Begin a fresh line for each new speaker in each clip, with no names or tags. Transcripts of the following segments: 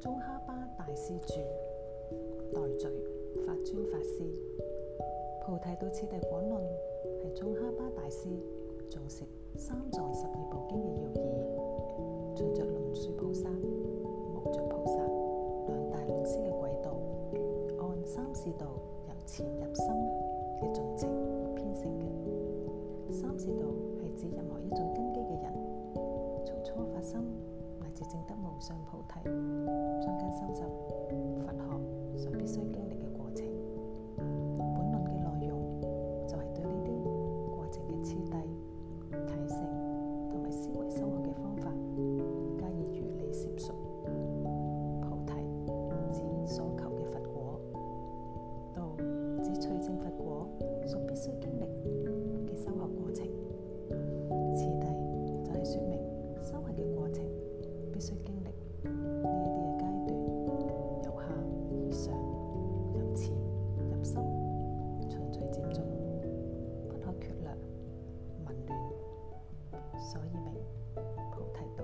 宗喀巴大師住代序法尊法師，菩提道次第廣論係宗喀巴大師總攝三藏十二部經嘅要義，循着龍樹菩薩、無著菩薩兩大論師嘅軌道，按三士道由淺入深嘅進程編成嘅。三士道係指任何一種根基嘅人從初發心，是證得無上菩提中間收集佛學所必須經歷嘅過程。本論嘅內容就係對呢啲過程嘅次第、提醒同埋思維修學嘅方法加以如理涉俗。菩提指所求嘅佛果，道指取證佛果所必須經。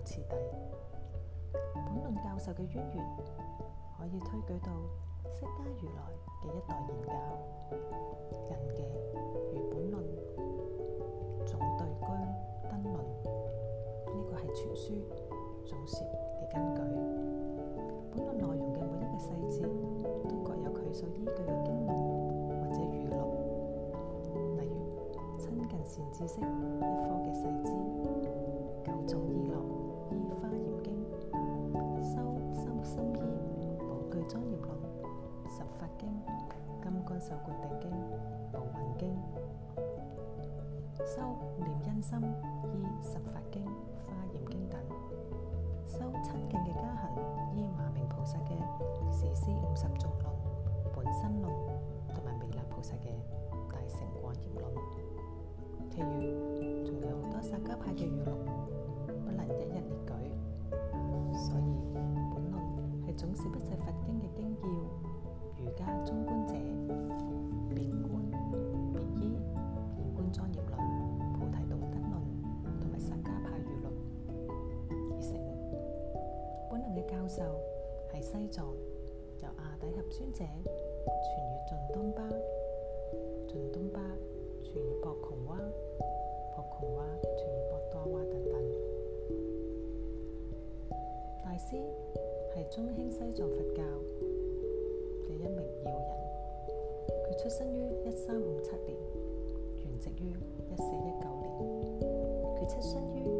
本論教授嘅淵源可以推舉到釋迦如來嘅一代言教，近嘅如本論、總對句、燈論，呢個係傳書、總說嘅根據。本論內容嘅每一個細節都各有佢所依據嘅經論或者語錄，例如親近善知識一科嘅細節。莊嚴論、十法經、金剛手灌頂經、寶雲經、修念恩心依十法經、華嚴經等，修親近嘅家行依馬鳴菩薩嘅時師五十眾論、本生論，同埋彌勒菩薩嘅大乘廣嚴論，譬如仲有好多薩迦派嘅語錄，不能一一列舉，所以本論係總是不。受係西藏由阿底合尊者傳於進東巴，進東巴傳於博瓊哇，博瓊哇傳於博多哇等等。大師係中興西藏佛教嘅一名要人，佢出生於一三五七年，圓寂於一四一九年。佢出身於。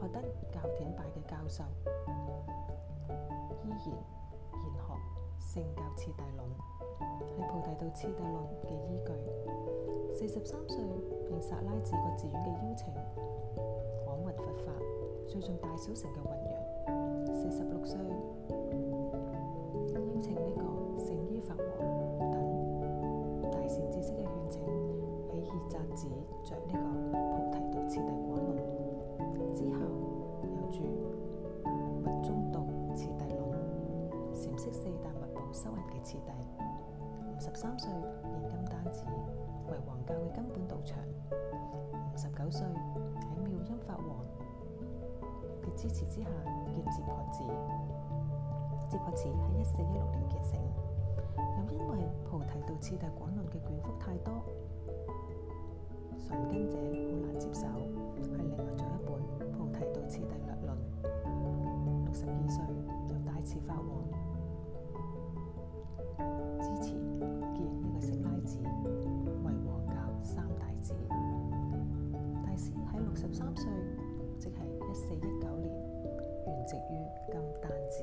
學得教典派嘅教授，依然研學，聖教徹底論係菩提道徹底論嘅依據。四十三歲應薩拉寺個寺院嘅邀請，廣弘佛法，最重大小乘嘅弘揚。四十六歲邀請呢、這個聖醫法。修行嘅次第，五十三歲興建甘丹寺為黃教嘅根本道場。五十九歲喺妙音法王嘅支持之下建哲蚌寺，哲蚌寺喺一四一六年結成。又因為菩提道次第廣論嘅卷幅太多，鈍根者好難接受，係另外做一本菩提道次第略論。六十二歲由大慈法王。之前見呢個色拉寺，為黃教三大寺，大師喺六十三歲，即係一四一九年，圓寂於金丹寺。